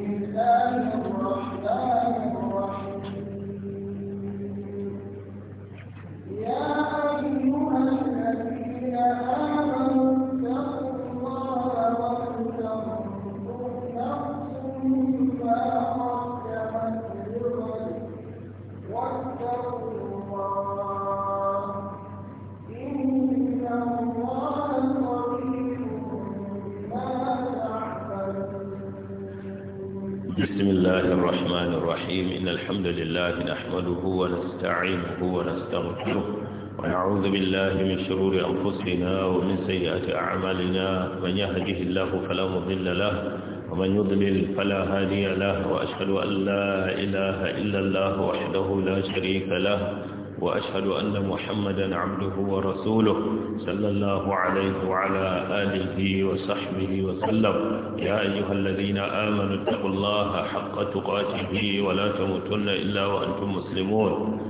Thank you. نستعينه ونستغفره ونعوذ بالله من شرور أنفسنا ومن سيئات أعمالنا من يهده الله فلا مضل له ومن يضلل فلا هادي له وأشهد أن لا إله إلا الله وحده لا شريك له وأشهد أن محمدا عبده ورسوله صلى الله عليه وعلى آله وصحبه وسلم يا أيها الذين آمنوا اتقوا الله حق تقاته ولا تموتن إلا وأنتم مسلمون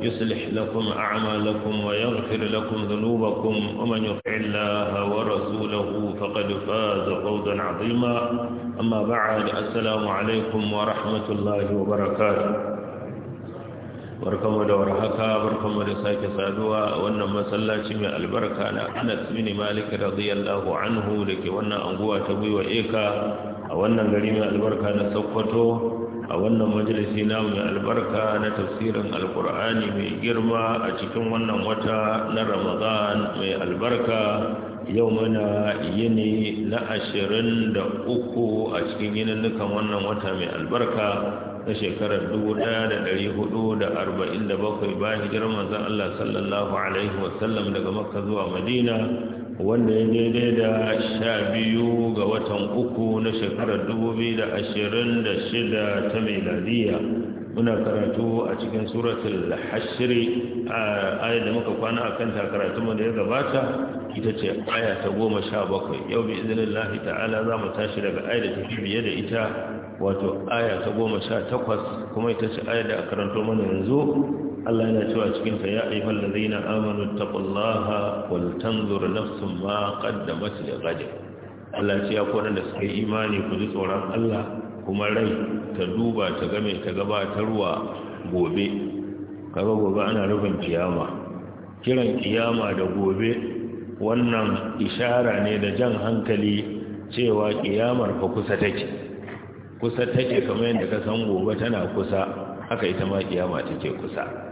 يصلح لكم أعمالكم ويغفر لكم ذنوبكم ومن يطع الله ورسوله فقد فاز فوزا عظيما أما بعد السلام عليكم ورحمة الله وبركاته barkamu da warhaka barkamu da sake saduwa wannan masallaci mai albarka na Anas bin Malik radiyallahu anhu dake wannan anguwa ta Buiwa Eka a wannan gari mai albarka na Sokoto a wannan majalisi na mai albarka na tafsirin alkur'ani mai girma a cikin wannan wata na ramadan mai albarka yau mana yini na ashirin da uku a cikin yininnukan wannan wata mai albarka na shekarar dubu ɗaya da ɗari hudu da arba'in da bakwai bayan hijirar zan Allah sallallahu alaihi wasallam daga makka zuwa madina wanda ya daidai da sha biyu ga watan uku na shekarar shida ta meladiya muna karatu a cikin suratul hashiri a ayar da muka kwana a kan karatu da ya gabata ita ce aya ta goma sha bakwai yau bi izinin lahi ta'ala za mu tashi daga aya da tafi biye da ita wato aya ta goma sha takwas kuma ita ce aya da a karanto mana yanzu Allah yana cewa cikin ta ya ayyuhal ladzina amanu taqullaha wal tanzur nafsum ma qaddamat li ghad Allah ce ya koran da suka yi imani ku ji tsoron Allah kuma rai ta duba ta ga ta gabatarwa gobe kaga gobe ana rufin kiyama kiran kiyama da gobe wannan ishara ne da jan hankali cewa kiyamar fa kusa take kusa take kamar yadda ka san gobe tana kusa haka ita ma kiyama take kusa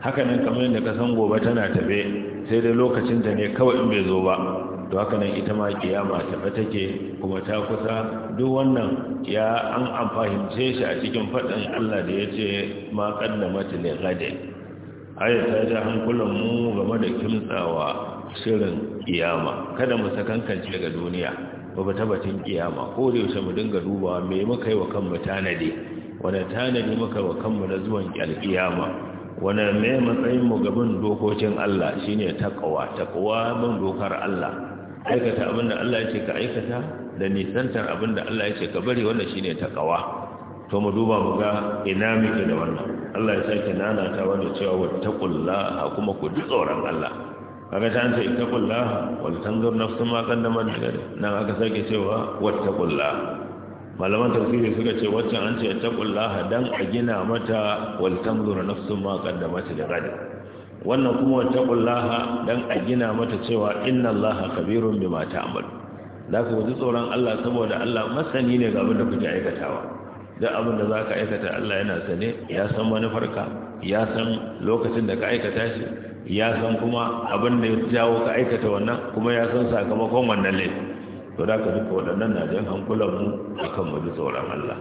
hakanan kamar yadda ka san gobe tana tabe sai dai lokacin ta ne kawai in bai zo ba to hakanan ita ma kiyama tafe take kuma ta kusa duk wannan ya an amfahimce shi a cikin faɗin Allah da ya ce ma qaddamata li ghadin aya ta ja hankulan mu game da kimtsawa shirin kiyama kada mu sakankance ga duniya ba ba tabbatin kiyama ko da yaushe mu dinga dubawa me muka yi wa kanmu tanadi wani tanadi muka wa kanmu na zuwan kiyama. wani mai matsayin mu gaban dokokin Allah shine takawa takawa bin dokar Allah aikata abin da Allah yake ka aikata da nisantar da Allah yake ka bari wannan shine takawa to mu duba mu ga ina muke da wannan Allah ya sake ta wanda cewa wattaqullaha kuma ku ji tsoron Allah kaga ta ce ittaqullaha wal tanzur nafsu ma qaddamat nan aka sake cewa wattaqullaha malaman tafsiri suka ce waccan an ce kullaha dan a gina mata wal nafsun ma qaddamat da gadi wannan kuma kullaha dan a gina mata cewa innallaha kabirun bima ta'malu da ku ji tsoron Allah saboda Allah masani ne ga abin da kuke aikatawa duk abin da zaka aikata Allah yana sane ya san manufarka ya san lokacin da ka aikata shi ya san kuma abin da ya jawo ka aikata wannan kuma ya san sakamakon wannan laifin to da ka duka waɗannan na jan hankulan mu akan mu tsoron Allah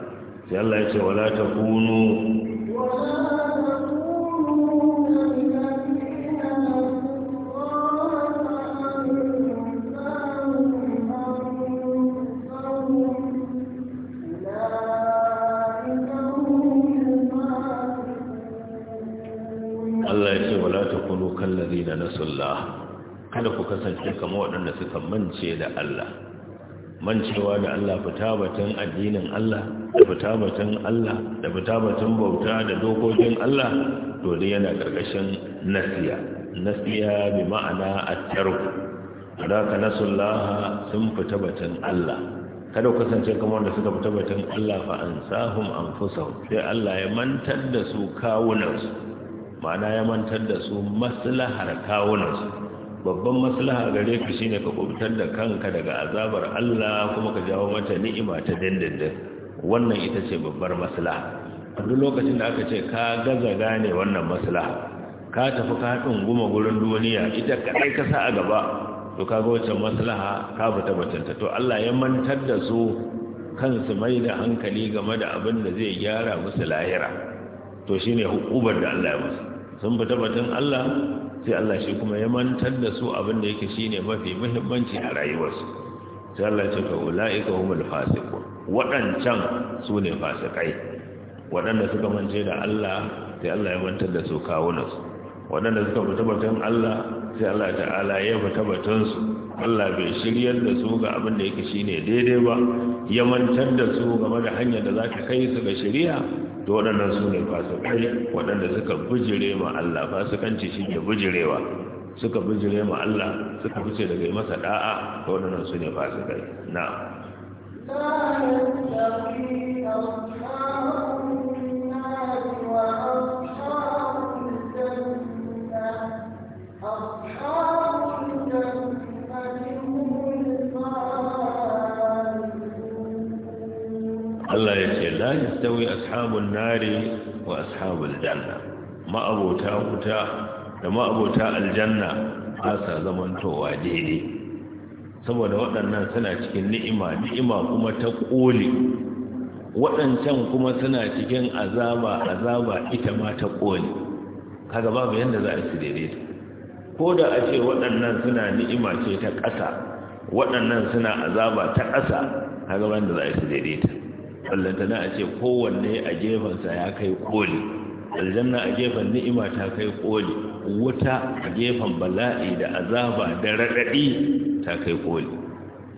sai Allah ya ce wala takunu kada ku kasance kamar waɗanda suka mance da Allah Man cewa da Allah fita batun addinin Allah da fita batun Allah da fita batun bauta da dokokin Allah to dai yana karkashin nasiya nasiya bi ma'ana at-tark ka nasullaha sun fita batun Allah kada ku kasance kamar da suka fita batun Allah fa ansahum anfusahum sai Allah ya mantar da su kawunansu ma'ana ya mantar da su maslahar kawunansu babban maslaha gare ka shine ka kubutar da kanka daga azabar Allah kuma ka jawo mata ni'ima ta dindindin wannan ita ce babbar maslaha duk lokacin da aka ce ka gaza gane wannan maslaha ka tafi ka guma gurin duniya ita kadai ka sa a gaba to kaga wannan maslaha ka fita batanta to Allah ya mantar da su kansu mai da hankali game da abin da zai gyara musu lahira to shine hukubar da Allah ya musu sun fita batun Allah sai Allah shi kuma ya mantar da su abin da yake ne mafi muhimmanci a rayuwarsu sai Allah ya ce ula'i ka humul fasiqun Waɗancan su ne fasikai Waɗanda suka mance da Allah sai Allah ya mantar da su kawunansu Waɗanda suka fita batun Allah sai Allah ta'ala ya fita batun su Allah bai shiryar da su ga abin da yake ne daidai ba ya mantar da su game da hanyar da za ta kai su ga shari'a to waɗannan su ne fasikai waɗanda suka bujire ma Allah fasikanci shi ne bujirewa suka bujire ma Allah suka fice daga yi masa ɗa'a to waɗannan su ne fasikai na yastawi ashabun nari wa ashabul janna ma'abota wuta da ma'abota aljanna ba sa zamantowa daidai saboda waɗannan suna cikin ni'ima ni'ima kuma ta ƙoli waɗancan kuma suna cikin azaba azaba ita ma ta ƙoli kaga babu yadda za a su daidaita ko da a ce waɗannan suna ni'ima ce ta ƙasa waɗannan suna azaba ta ƙasa kaga wanda za a su daidaita ballantana a ce kowanne a gefensa ya kai koli aljanna a gefen ni'ima ta kai koli wuta a gefen bala'i da azaba da raɗaɗi ta kai koli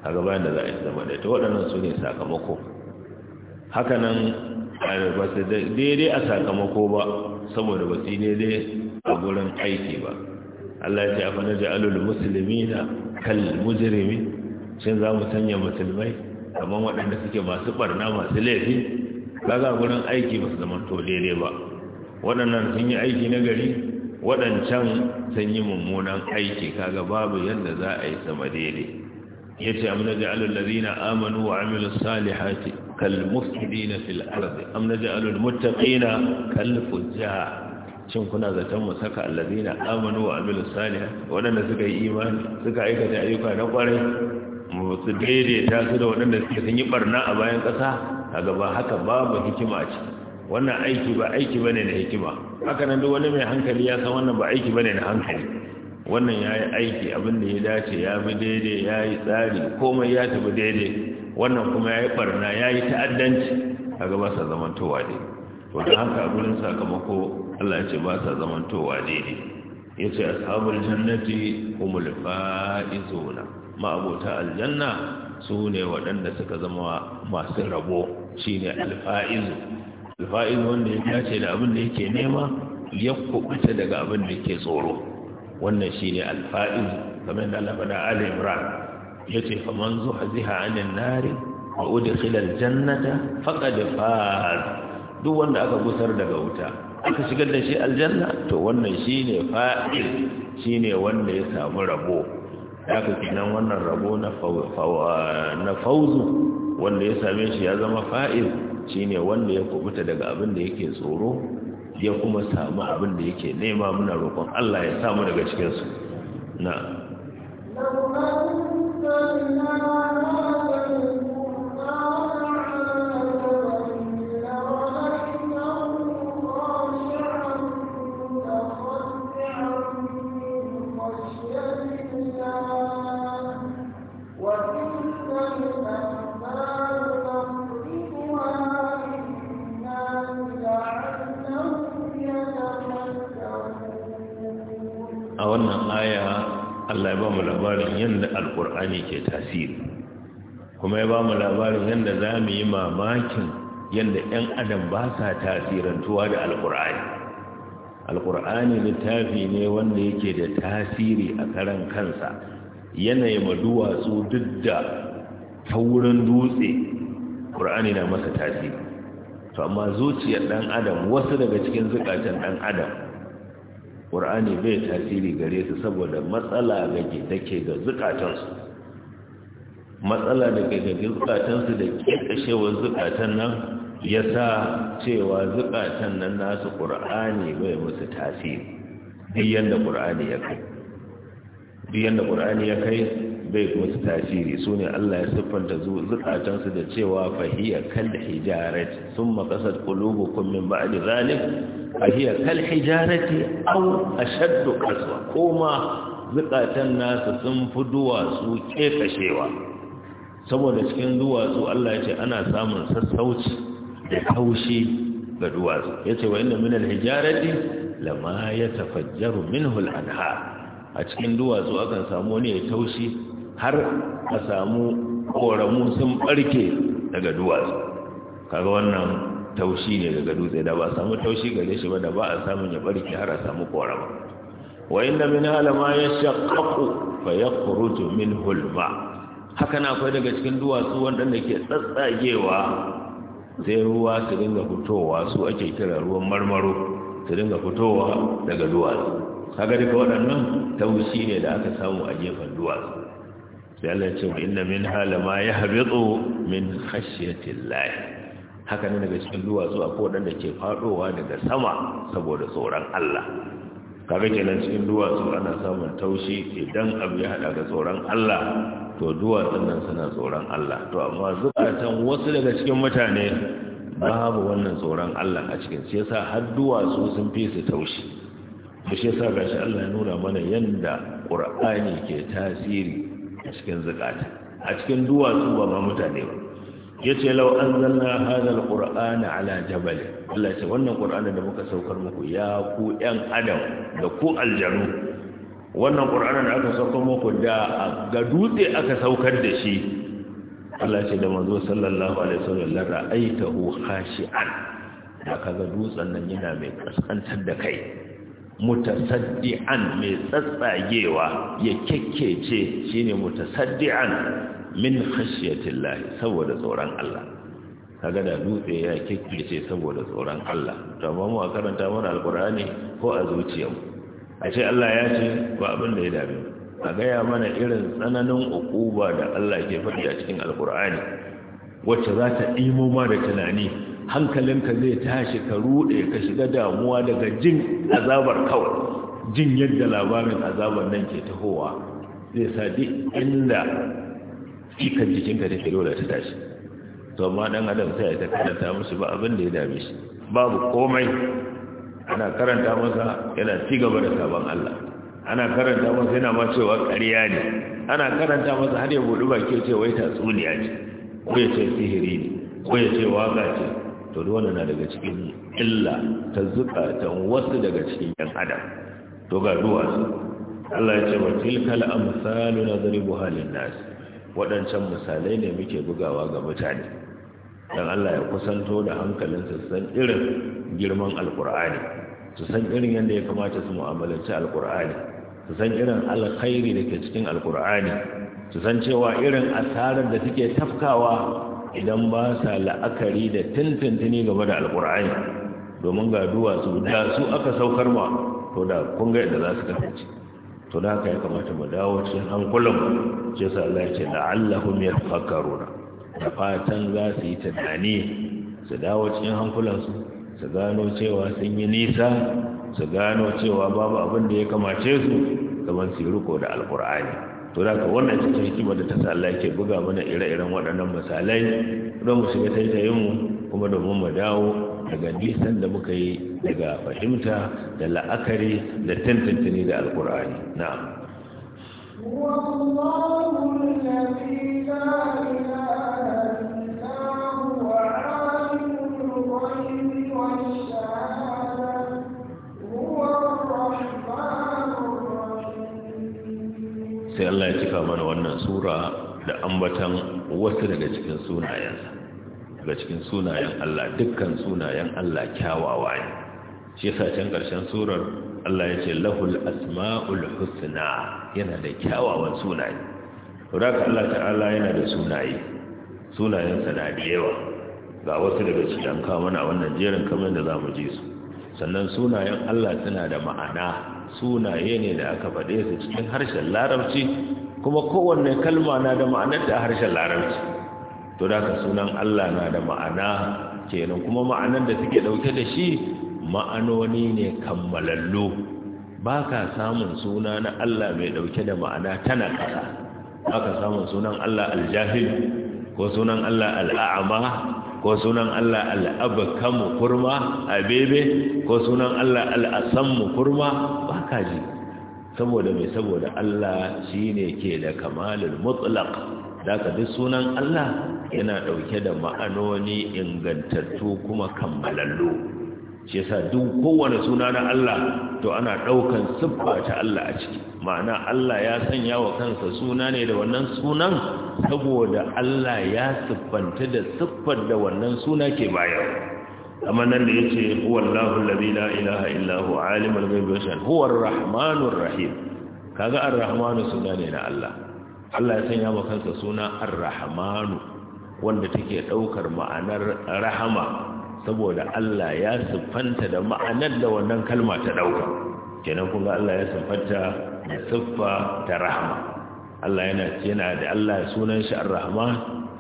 a gaban da za a yi zama da ta waɗannan su ne sakamako hakanan ba su daidai a sakamako ba saboda ba su daidai a gurin aiki ba Allah ya ce a fana alul musulmi na kal Musulmi. shin za mu sanya musulmai kamar waɗanda suke masu ɓarna masu laifi kaga gurin aiki ba su zama to daidai ba waɗannan sun yi aiki na gari waɗancan sun yi mummunan aiki kaga babu yadda za a yi sama daidai ya ce amna ja'alul ladina amanu wa amilus salihati kal mufsidina fil ardi amna ja'alul muttaqina kal fujjar cin kuna zaton mu saka allazina amanu wa amilus salihati Waɗanda suka yi imani suka aikata ayyuka na kwarai motsi daidaita su da waɗanda suke sun yi barna a bayan ƙasa a gaba haka babu hikima ce wannan aiki ba aiki bane na hikima haka nan duk wani mai hankali ya san wannan ba aiki bane na hankali wannan ya yi aiki abin da ya dace ya bi daidai ya yi tsari komai ya tafi daidai wannan kuma ya yi barna ya yi ta'addanci a gaba sa zamantowa ne. to haka a gurin sakamako Allah ya ce ba sa zamantowa daidai ya ce ashabul jannati humul fa'izuna ma'abota aljanna su ne waɗanda suka zama masu rabo shi ne alfa'izu alfa'izu wanda ya dace da abin da yake nema ya kubuta daga abin da yake tsoro wannan shi ne alfa'izu kamar da Allah faɗa Ali Imran ya ce fa man zuhziha nari wa udkhila al faqad faz duk wanda aka gusar daga wuta aka shigar da shi aljanna to wannan ne fa'il ne wanda ya samu rabo haka kenan wannan rabo ah, na fauzu wanda ya same shi ya zama fa'il shine wanda ya kubuta daga abin da yake tsoro ya kuma samu abin da yake nema muna roƙon Allah ya samu daga cikinsu na Allah ya ba mu labarin yadda alkur'ani ke tasiri kuma ya ba mu labarin yadda za mu yi mamakin yadda 'yan adam ba sa tasirantuwa da alkur'ani alkur'ani littafi ne wanda yake da tasiri a karan kansa yanayi ma duwatsu duk da taurin dutse ƙur'ani na masa tasiri to amma zuciyar ɗan adam wasu daga cikin zukatan ɗan adam ƙur'ani bai tasiri gare su saboda matsala da ke take ga zukatansu matsala da ke ga zukatansu da ƙirƙashewar zukatan nan ya sa cewa zukatan nan nasu ƙur'ani bai musu tasiri biyan yadda ƙur'ani ya kai bai wasu tasiri su ne Allah ya siffanta zukatansu da cewa fahiya kal hijarati sun makasar kulubukum min ba'di zalik fahiya kal hijarati aw ashaddu qaswa koma zukatan nasu sun fi duwatsu ƙeƙashewa saboda cikin duwatsu Allah ya ce ana samun sassauci da taushi ga duwatsu yace wa inna min al hijarati lama yatafajjaru minhu al anhar a cikin duwatsu akan samu wani ya taushi har a samu ƙoramu sun ɓarke daga duwatsu kaga wannan taushi ne daga dutse da ba a samu taushi gare shi ba da ba a samu ya ɓarke har a samu Wai wa inda min halama yashaqqaqu fa ya minhu min ma haka na akwai daga cikin duwatsu waɗanda ke tsatsagewa sai ruwa su dinga fitowa su ake kira ruwan marmaro su dinga fitowa daga duwatsu kaga duka waɗannan taushi ne da aka samu a gefen duwatsu sai Allah ya ce inna min halama habitu min khashyatillah haka ne daga cikin duwatsu akwai wadanda ke fadowa daga sama saboda tsoron Allah kaga kenan cikin duwatsu ana samun taushi idan abu ya hada ga tsoron Allah to duwatsun nan suna tsoron Allah to amma zukatan wasu daga cikin mutane babu wannan tsoron Allah a cikin sai yasa har duwatsu sun fi su taushi shi yasa gashi Allah ya nuna mana yanda Qur'ani ke tasiri a cikin zakata a cikin duwatsu ba ma mutane ba ya ce lau an zanna hadal ƙura'ana ala jabali Allah ce wannan ƙura'ana da muka saukar muku ya ku ƴan adam da ku aljanu wannan ƙura'ana da aka saukar muku da ga dutse aka saukar da shi Allah ce da manzo sallallahu alaihi wasallam la ra'aitahu khashi'an da kaga dutsen nan yana mai kaskantar da kai mutasaddi'an mai tsatsagewa ya kekkece shine mutasaddi'an min khashyatillah saboda tsoron Allah kaga da dutse ya kekkece saboda tsoron Allah to amma mu a karanta mana alqur'ani ko a zuciyarmu a ce Allah ya ce ba abin da ya dame a gaya mana irin tsananin ukuba da Allah ke faɗi a cikin alqur'ani wacce za ta imo ma da tunani hankalinka zai tashi ka rude ka shiga damuwa daga jin azabar kawai jin yadda labarin azabar nan ke tahowa zai sa duk inda cikin jikinka take dole ta tashi to amma dan adam sai ta karanta musu ba abin da ya dame shi babu komai ana karanta masa yana ci gaba da sabon Allah ana karanta masa yana ma cewa ƙarya ne ana karanta masa har ya bude baki ya ce wai tatsuniya ce ko ya ce sihiri ne ko ya ce waka ce to duk wannan na daga cikin illa ta zukatan wasu daga cikin yan adam to ga duwatsu Allah ya ce wa tilkal amsalu nadribu halin nas wadancan misalai ne muke bugawa ga mutane dan Allah ya kusanto da hankalin su san irin girman alqur'ani su san irin yadda ya kamata su mu'amalanci alqur'ani su san irin alkhairi da ke cikin alqur'ani su san cewa irin asarar da suke tafkawa idan ba sa la'akari da tuntuntuni game da alkur'ani domin ga duwatsu da su aka saukar ma to da kun ga yadda za su kasance to da haka ya kamata mu dawo cikin hankulan ce sa Allah ya ce la'allahum yatafakkaruna da fatan za su yi tunani su dawo cikin hankulansu su gano cewa sun yi nisa su gano cewa babu abin da ya kamace su kamar su yi riko da alkur'ani to da wannan cikin hikima da ta sa Allah yake buga mana ire-iren waɗannan misalai don mu shiga taitayin mu kuma domin mu dawo daga nisan da muka yi daga fahimta da la'akari da tantance da alkur'ani na'am sai Allah ya cika mana wannan sura da ambatan wasu daga cikin sunayensa daga cikin sunayen Allah dukkan sunayen Allah kyawawa ne shi yasa can ƙarshen surar Allah ya ce lahul asma'ul husna yana da kyawawan sunaye Raka Allah ta'ala yana da sunaye sunayensa na da yawa ga wasu daga cikin kawo mana wannan jerin kamar da za mu ji su sannan sunayen Allah suna da ma'ana sunaye ne da aka faɗe su cikin harshen larabci kuma kowanne kalma na da ma'anar da harshen larabci to da ka sunan Allah na da ma'ana kenan kuma ma'anar da suke ɗauke da shi ma'anoni ne kammalallo ba ka samun suna na Allah mai ɗauke da ma'ana tana kasa ba ka samun sunan Allah aljahil ko sunan Allah al'a'ama ko sunan Allah al'abakamu kurma a ko sunan Allah al'asanmu kurma ba ji saboda mai saboda Allah shi ne ke da kamalin mutlaq da ka duk sunan Allah yana ɗauke da ma'anoni ingantattu kuma kammalallo shi yasa duk kowane suna na Allah to ana ɗaukan siffa ta Allah a ciki ma'ana Allah ya sanya wa kansa suna ne da wannan sunan saboda Allah ya siffanta da siffar da wannan suna ke bayar amma nan da yace wallahu allazi la ilaha illa hu alimul ghaibi wa huwar rahim kaga arrahmanu rahmanu suna ne na Allah Allah ya sanya wa kansa suna arrahmanu wanda take daukar ma'anar rahama saboda Allah ya siffanta da ma'anar da wannan kalma ta dauka kenan kun ga Allah ya siffanta da siffa ta rahama Allah yana yana da Allah sunan shi ar rahma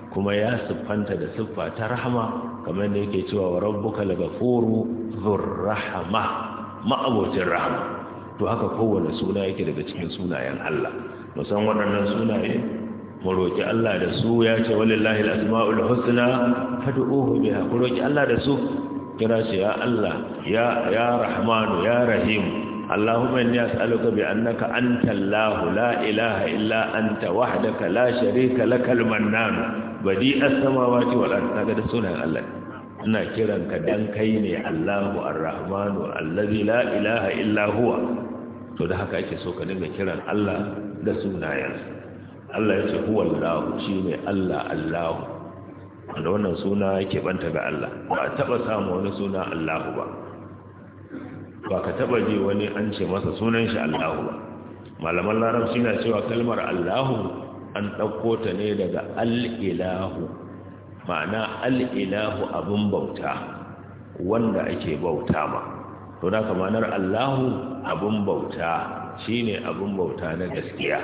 kuma ya siffanta da siffa ta rahama kamar da yake cewa wa rabbuka lagafuru dhur rahama ma'abocin rahama to haka kowane suna yake daga cikin sunayen Allah musan waɗannan sunaye mu roki Allah da su ya ce walillahi al-asma'ul husna fad'uhu biha ku roki Allah da su kira shi ya Allah ya ya rahmanu ya rahim Allahumma inni as'aluka bi annaka anta lahu la ilaha illa anta wahdaka la sharika lakal mannan badi as-samawati wal ard kaga da sunan Allah ina kiranka dan kai ne Allahu ar-Rahmanu allazi la ilaha illa huwa to da haka ake so ka dinga kiran Allah da sunayensa Allah yace ce huwallahu shine Allah Allahu wanda wannan suna yake banta ga Allah ba taba samu wani suna Allahu ba ba ka taba ji wani an ce masa sunan shi Allahu ba malaman larabci na cewa kalmar Allahu an ɗauko ta ne daga al-ilahu, ma'ana al-ilahu abin bauta wanda ake bauta ma to da kamanar Allahu abin bauta shine abin bauta na gaskiya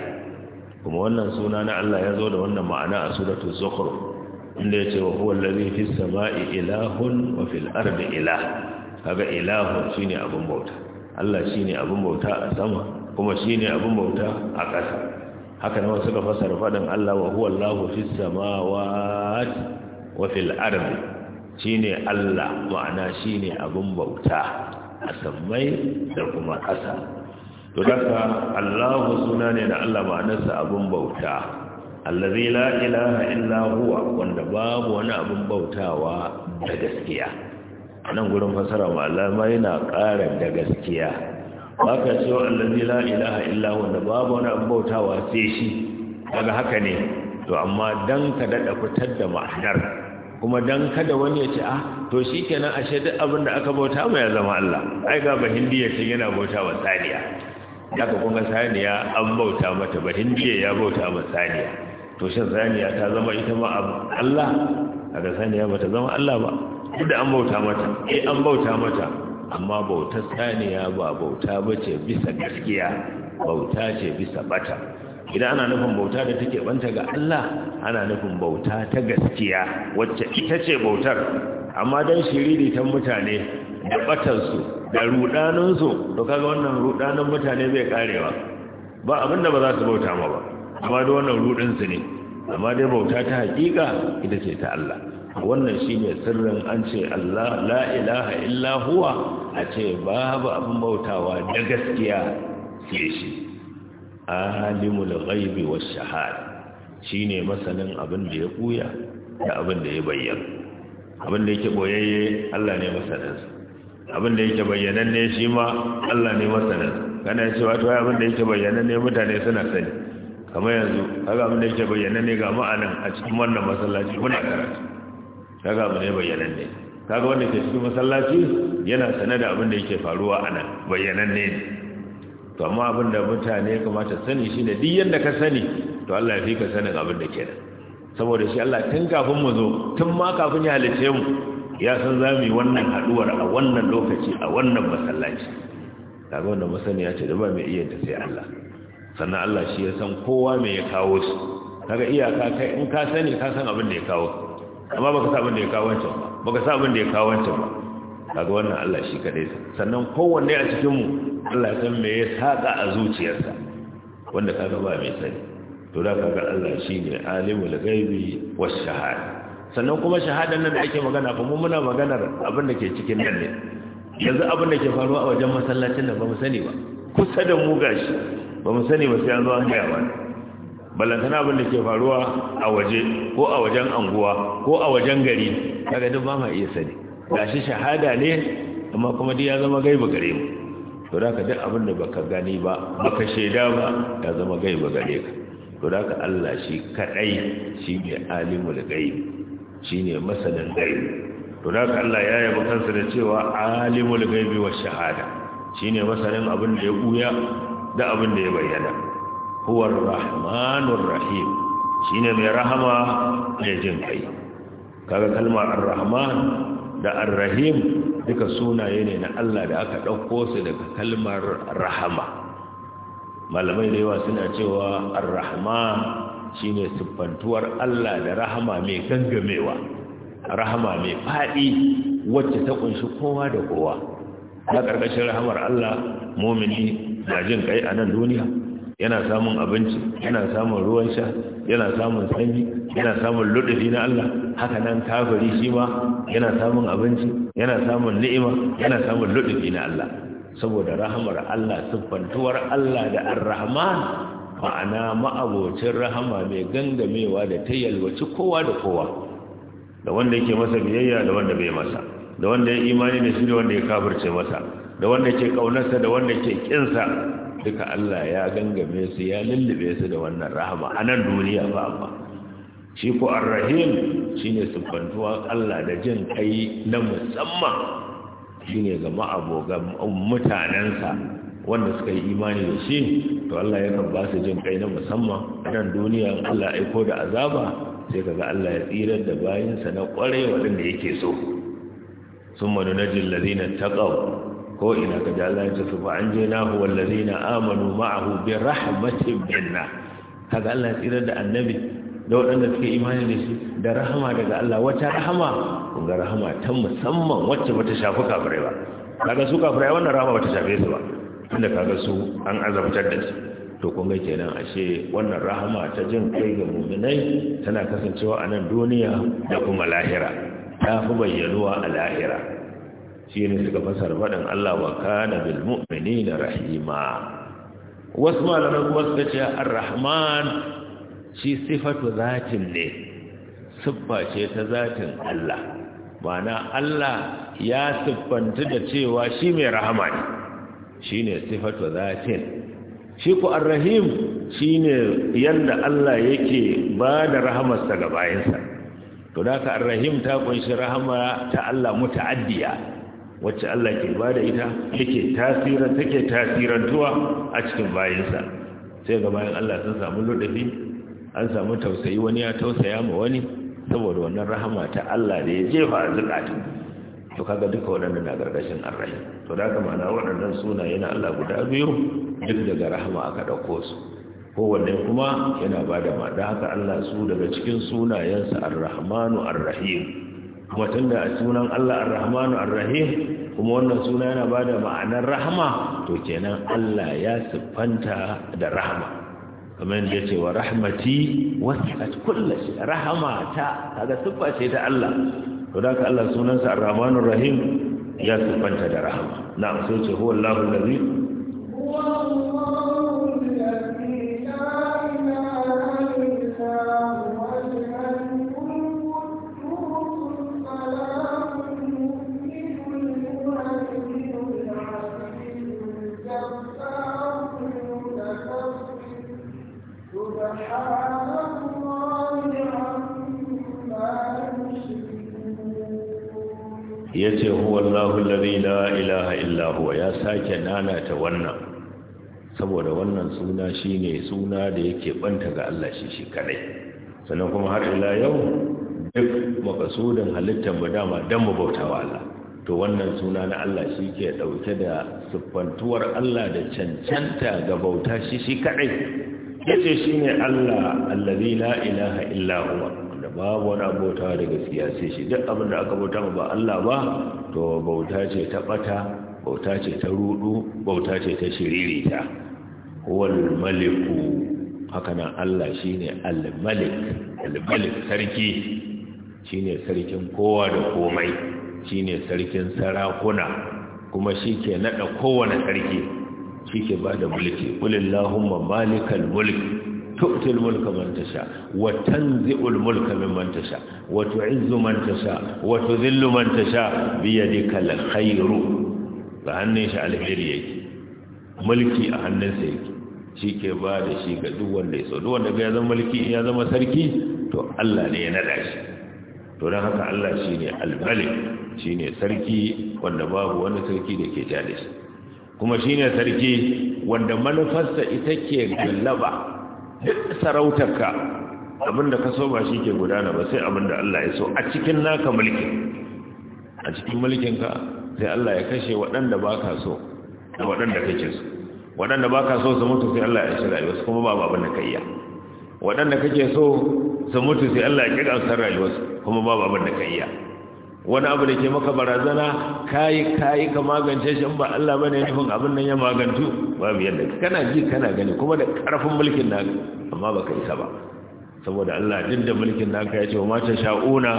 kuma wannan suna na Allah ya zo da wannan ma'ana a suratul zukhruf inda ya ce wa huwa allazi fis sama'i ilahun wa fil ardi ilah kaga ilahu shine abin bauta Allah shine abin bauta a sama kuma shine abin bauta a ƙasa haka nan suka fasara fadin Allah wa huwa Allahu fis samawati wa fil ardi shine Allah ma'ana shine abin bauta a samai da kuma ƙasa to daga Allahu suna ne da Allah ma'anarsa abin bauta allazi la ilaha illa huwa wanda babu wani abin bautawa da gaskiya a nan gurin fasara malama yana ƙara da gaskiya ba ka ce wa allazi la ilaha illa wanda babu wani abin sai shi daga haka ne to amma dan ka daɗa fitar da ma'anar kuma dan kada wani ya ce ah to shi kenan ashe duk abin da aka bauta mai ya zama Allah ai ga bahindi ya ce yana bauta wa saniya daga kuma saniya an bauta mata bahindiya ya bauta ma saniya to shin saniya ta zama ita ma Allah daga saniya ba ta zama Allah ba da an bauta mata eh an bauta mata amma bauta saniya ba bauta bace bisa gaskiya bauta ce bisa bata idan ana nufin bauta da take banta ga Allah ana nufin bauta ta gaskiya wacce ita ce bautar amma dan shiriritan mutane da su da su to kaga wannan rudanin mutane zai karewa ba abinda ba za su bauta ma ba amma da wannan su ne amma dai bauta ta hakika ita ce ta Allah wannan shine sirrin an ce Allah la ilaha illa huwa a ce babu abin bautawa da gaskiya ke shi alimul ghaibi wash shahada shine masanin abin da ya buya da abin da ya bayyana abin da yake boyayye Allah ne masanin abin da yake ne shi ma Allah ne masanin kana cewa to abin da yake ne mutane suna sani kamar yanzu kaga abin da yake ne ga ma'anan a cikin wannan masallaci muna karatu kaga abu ne bayanan ne kaga wanda ke cikin masallaci yana sanar da abin da yake faruwa a nan bayanan ne to amma abin da mutane ya kamata sani ne, duk yanda ka sani to Allah ya fi ka sanin abin da ke nan saboda shi Allah tun kafin mu zo tun ma kafin ya halice mu ya san za mu yi wannan haɗuwar a wannan lokaci a wannan masallaci kaga wanda masani ya ce da ba mai iya ta sai Allah sannan Allah shi ya san kowa mai ya kawo su kaga iyaka kai in ka sani ka san abin da ya kawo amma baka sa abin da ya kawo wancan baka sa abin da ya kawo wancan ba kaga wannan Allah shi kadai sannan kowanne a cikin mu Allah ya san me ya saka a zuciyarsa wanda kaga ba mai sani to da kaga Allah shi ne alimul ghaibi was shahada sannan kuma shahadan nan da ake magana ba mu muna maganar abin da ke cikin nan ne yanzu abin da ke faruwa a wajen masallacin da ba mu sani ba kusa da mu gashi ba mu sani ba sai an zo an gaya mana balantana abin da ke faruwa a waje ko a wajen anguwa ko a wajen gari kaga duk ba ma iya sani gashi shahada ne amma kuma duk ya zama gaiba gare mu to da ka duk abin da baka gani ba baka shaida ba ya zama gaiba gare ka to da ka Allah shi kadai shi ne alimul gaibi shi ne masanin gaibi to da ka Allah ya yaba kansa da cewa alimul gaibi wa shahada shi ne masanin abin da ya buya da abin da ya bayyana huwa Rahmanun rahim shi ne mai rahama mai jin kai kaga kalmar ar-rahman da ar-rahim duka sunaye ne na Allah da aka ɗauko su daga kalmar rahama malamai da yawa suna cewa ar-rahman shi ne siffantuwar Allah da rahama mai gangamewa rahama mai faɗi wacce ta ƙunshi kowa da kowa na karkashin rahamar Allah mumini na jin kai a nan duniya yana samun abinci yana samun ruwan sha yana samun sanyi yana samun ludufi na Allah haka nan kafiri shi ma yana samun abinci yana samun ni'ima yana samun ludufi na Allah saboda rahamar Allah siffantuwar Allah da Ar-Rahman ma'ana ma'abocin rahama mai gangamewa da ta yalwaci kowa da kowa da wanda yake masa biyayya da wanda bai masa da wanda ya imani da shi da wanda ya kafirce masa da wanda ke kaunarsa da wanda ke kinsa duka Allah ya gangame su ya lullube su da wannan rahama a nan duniya ba ba shi ko arrahim shine sufantuwa Allah da jin kai na musamman shine ga ma'abogan mutanensa wanda suka yi imani da shi to Allah yakan ba su jin kai na musamman a nan duniya Allah aiko da azaba sai kaga Allah ya tsirar da sa na kwarai waɗanda yake so sun manu na jillazina ko ina ka ja ya ce su ba an je na huwa na amanu ma'ahu bi rahmatin minna kaga Allah ya tsira da annabi da waɗanda suke imani da shi da rahama daga Allah wata rahama kun ga rahama ta musamman wacce bata shafi kafirai ba kaga su kafirai wannan rahama bata shafe su ba tunda kaga su an azabtar da su to kun ga kenan ashe wannan rahama ta jin kai ga mu'minai tana kasancewa a nan duniya da kuma lahira ta fi bayyanuwa a lahira shi ne suka fasar faɗin Allah wa kana bil mu'minina rahima wasu malaman kuma suka ce ar-rahman shi sifatu zatin ne siffa ce ta zatin Allah Mana Allah ya siffanta da cewa shi mai rahama ne ne sifatu zatin shi ku ar-rahim shine yanda Allah yake ba da rahamarsa ga bayansa to da ka ar-rahim ta kunshi rahama ta Allah muta'addiya wacce Allah ke ba da ita yake tasirar take tasirantuwa a cikin bayansa sai ga bayan Allah sun samu ludafi an samu tausayi wani ya tausaya ma wani saboda wannan rahama ta Allah da ya jefa a zukata to kaga duka waɗanda na gargashin arrahi to da haka ma'ana waɗannan sunaye na Allah guda biyu duk daga rahama aka ɗauko su kowanne kuma yana bada da ma da haka Allah su daga cikin sunayensa arrahmanu arrahim kuma tunda a sunan Allah arrahmanu arrahim kuma wannan suna yana ba da ma'anar rahama to kenan Allah ya siffanta da rahama kamar yadda ce wa rahmati wasi'at kullu shay rahama ta kaga siffa ce ta Allah to da ka Allah sunansa Ar-Rahmanur Rahim ya siffanta da rahama na'am sai ce allahu allazi huwallahu ya ce huwallahu lalari la ilaha illahuwa ya sake nanata wannan saboda wannan suna shine suna da yake banta ga Allah shi shi kadai sannan kuma har ila yau duk makasudin halittar mu dama don mu bautawa Allah to wannan suna na Allah shi ke ɗauke da siffantuwar Allah da cancanta ga bauta shi shi kaɗai ya ce shi ne Allah allazi la ilaha illahuwa babu wani abota daga siyasai shi duk abin da aka bauta ba Allah ba to bauta ce ta bata bauta ce ta rudu bauta ce ta shiririta huwal maliku hakanan Allah shine al-malik al-malik sarki shine sarkin kowa da komai shine sarkin sarakuna kuma shi ke naɗa kowane sarki shi ba bada mulki qulillahumma malikal mulki. تؤتي الملك من تشاء وتنزع الملك ممن تشاء وتعز من تشاء وتذل من تشاء بيدك الخير فهنيش على الخير mulki a hannunsa yake shi ke ba shi ga duk ya so duk wanda ya zama mulki ya zama sarki to Allah ne ya nada shi don haka Allah shi ne shi ne sarki wanda babu wani sarki da ke ja da shi kuma shi ne sarki wanda manufarsa ita ke gallaba duk sarautarka abinda ka so ba shi ke gudana ba sai abinda Allah ya so a cikin naka mulkin a cikin mulkinka sai Allah ya kashe waɗanda ba ka so da waɗanda kake so waɗanda ba ka so su mutu sai Allah ya ci rayuwarsu kuma ba abin da ka iya waɗanda kake so su mutu sai Allah ya ƙi ƙansar rayuwarsu kuma ba abin da ka iya wani abu da ke maka barazana kayi kayi ka magance shi ba Allah bane nufin abin nan ya magantu babu yadda kana ji kana gani kuma da karfin mulkin naka amma baka isa ba saboda Allah duk da mulkin naka ya ce wa mata sha'una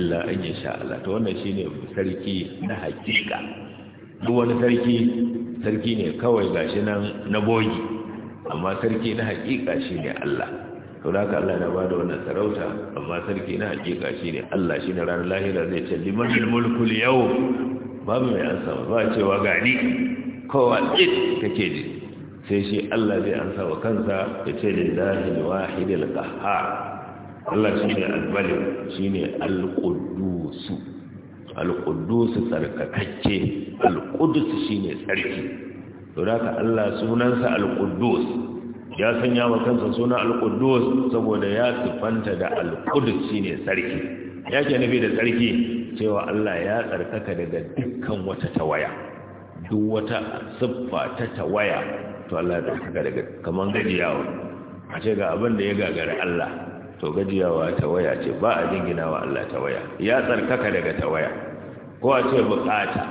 illa an yasha Allah to wannan shine sarki na hakika duk wani sarki sarki ne kawai gashi nan na bogi amma sarki na hakika shine Allah to da Allah na bada wannan sarauta amma sarki na hakika shine Allah shine ranar lahira zai ce limanil al yau babu mai ansa ba cewa gani kowa it kake ji sai shi Allah zai ansa wa kansa ya ce lillahi wahidil qahhar Allah shine al shi shine al-quddus al-quddus sarkakakke al-quddus shine sarki to da Allah sunansa al-quddus ya sanya wa kansa suna al-quddus saboda ya sifanta da al-quddus shine sarki ya ke nufi da sarki cewa Allah ya tsarkaka daga dukkan wata tawaya duk wata siffa ta tawaya to Allah ya tsarkaka daga kaman gajiyawa a ce ga abin da ya gagara Allah to gajiyawa tawaya ce ba a jinginawa Allah tawaya ya tsarkaka daga tawaya ko a ce bukata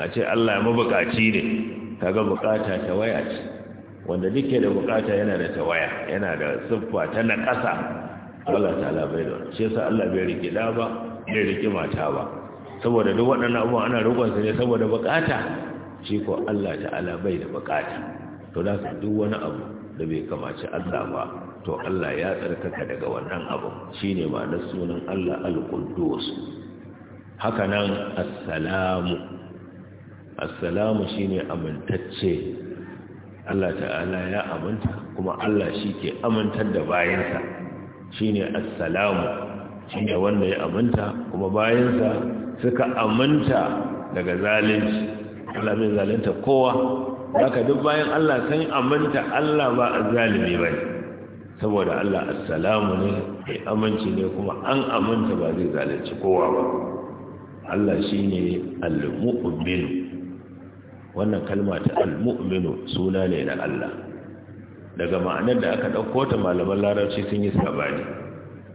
a ce Allah ya mabukaci ne kaga bukata tawaya ce wanda duke da bukata yana da tawaya yana da siffa ta na ƙasa Allah ta'ala bai da shi yasa Allah bai rike da ba bai rike mata ba saboda duk waɗannan abubuwa ana rukun su ne saboda bukata shi ko Allah ta'ala bai da bukata to da duk wani abu da bai kamaci Allah ba to Allah ya tsarkaka daga wannan abu shine ma'anar sunan Allah al-Quddus haka nan assalamu assalamu shine amintacce Allah ta'ala ya aminta kuma Allah shi ke amintar da bayansa shi ne assalamu shi ne wanda ya aminta kuma bayansa suka aminta daga zalunci Allah bai zalunta kowa haka duk bayan Allah san aminta Allah ba a zalimi ba saboda Allah assalamu ne ya aminci ne kuma an aminta ba zai zalunci kowa ba Allah shi ne al muminu wannan kalma ta al-mu'minu suna ne na Allah daga ma'anar da aka ɗauko ta malaman larabci sun yi sabani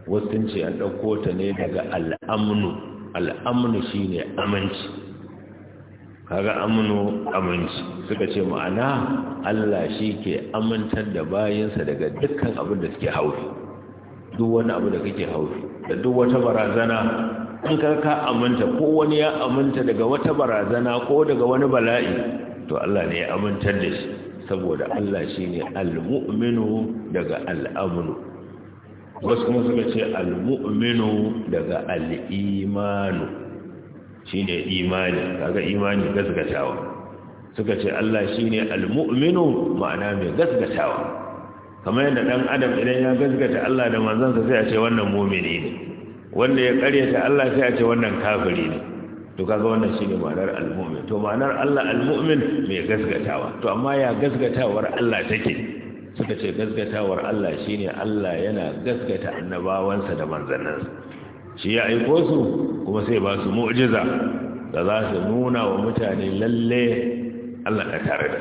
wasu sun ce an ɗauko ta ne daga al'amnu al'amnu shi ne aminci kaga amnu aminci suka ce ma'ana Allah shi ke amintar da bayansa daga dukkan abin da suke haufi duk wani abu da kake haufi da duk wata barazana in ka aminta ko wani ya aminta daga wata barazana ko daga wani bala'i to Allah ne ya amintar da shi saboda Allah shi ne almu'minu daga al'amunu wasu kuma suka ce almu'minu daga al'imanu shi ne imani kaga imani gasgatawa suka ce Allah shi ne almu'minu ma'ana mai gasgatawa kamar yadda ɗan adam idan ya gasgata Allah da manzansa sai a ce wannan mumini ne wanda ya karyata Allah sai a ce wannan kafiri ne to kaga wannan shine ma'anar almu'min to ma'anar Allah almu'min mai gasgatawa to amma ya gasgatawar Allah take suka ce gasgatawar Allah shine Allah yana gasgata annabawansa da manzannansa shi ya aiko su kuma sai ba su mu'jiza da za su nuna wa mutane lalle Allah na tare da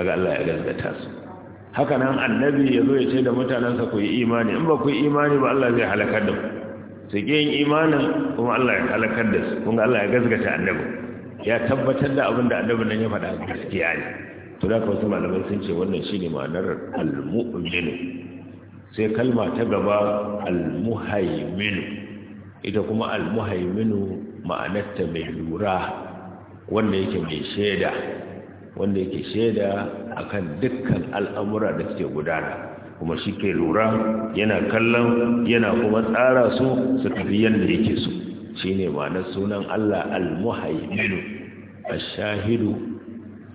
kaga Allah ya gasgata su haka nan annabi ya zo ya ce da mutanensa ku yi imani in ba ku yi imani ba Allah zai halakar da ku take yin imanin kuma Allah ya halakar da su kuma Allah ya gaskata annabi ya tabbatar da abin da annabi nan ya faɗa gaskiya ne to da wasu malamai sun ce wannan shine ma'anar al-mu'min sai kalma ta gaba al-muhaymin ita kuma al ma'anar ta mai lura wanda yake mai shaida wanda yake shaida akan dukkan al'amura da suke gudana kuma shi ke lura yana kallon yana kuma tsara su su tafi yadda yake so shi ne na sunan Allah al-muhaiminu al-shahidu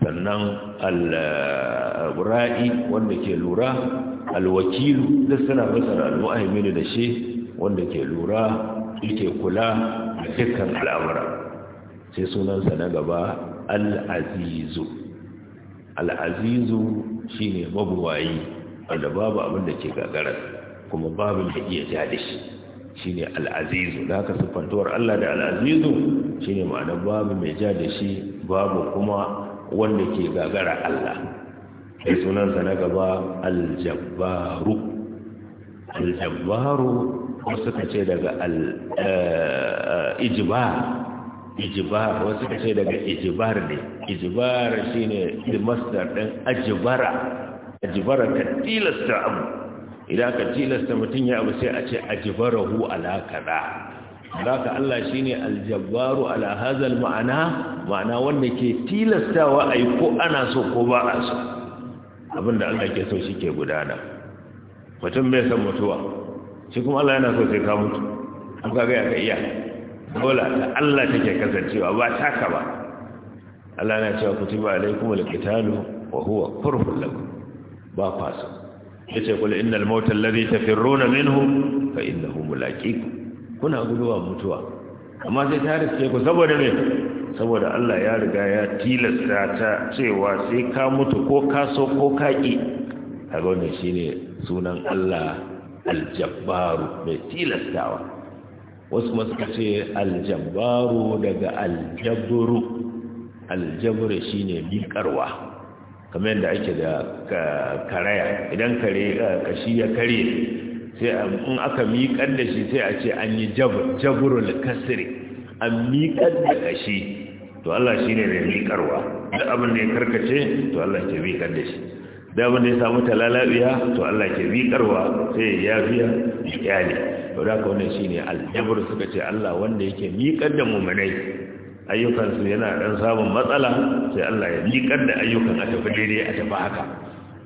sannan al-ra'i wanda ke lura al-wakilu da suna fasara al-muhaiminu da shi wanda ke lura yake kula a dukkan al'amura sai sunansa na gaba al-azizu al-azizu shine mabuwayi wanda babu abin da ke gagara kuma babu da iya ja da shi shine al'azizu. da haka sifantuwar Allah da al'azizu? Shi shine ma'ana babu mai ja da shi babu kuma wanda ke gagara Allah sai sunansa na gaba al-jabbaru al wasu ka ce daga al eh, ijibar wasu ka ce daga ijibar ne ijibar shine masdar din ajibara ajibara ka tilasta abu idan ka tilasta mutum ya abu sai a ce ajibarahu ala kaza zaka Allah shine aljabbaru ala hazal ma'ana ma'ana wanda ke tilastawa ai ko ana so ko ba a so abinda Allah ke so shi ke gudana mutum bai san mutuwa shi kuma Allah yana so sai ka mutu an ga ya ka iya dole ta Allah take kasancewa ba taka ba Allah na cewa kutuba alaikumul qitalu wa huwa kurhun lakum ba kwasa ya ce kula inda almautar lari ta minhu fa inda hu mulaƙi kuna guduwa mutuwa amma sai ta riske ku saboda me saboda Allah ya riga ya tilasta ta cewa sai ka mutu ko ka so ko ka ƙi a wannan shine sunan Allah aljabbaru mai tilastawa wasu masu suka ce daga aljabru aljabru shine miƙarwa kamar yadda ake da karaya idan kare kashi ya kare sai in aka miƙar da shi sai a ce an yi jaburul kasri an miƙar da kashi to Allah shi ne mai miƙarwa da abin da ya karkace to Allah ke miƙar da shi da abin da ya samu talalabiya to Allah ke miƙarwa sai ya yafiya ya ne to da ka wannan shi ne aljabur suka ce Allah wanda yake miƙar da muminai ayyukansu yana ɗan samun matsala sai Allah ya liƙar da ayyukan a tafi daidai a tafi haka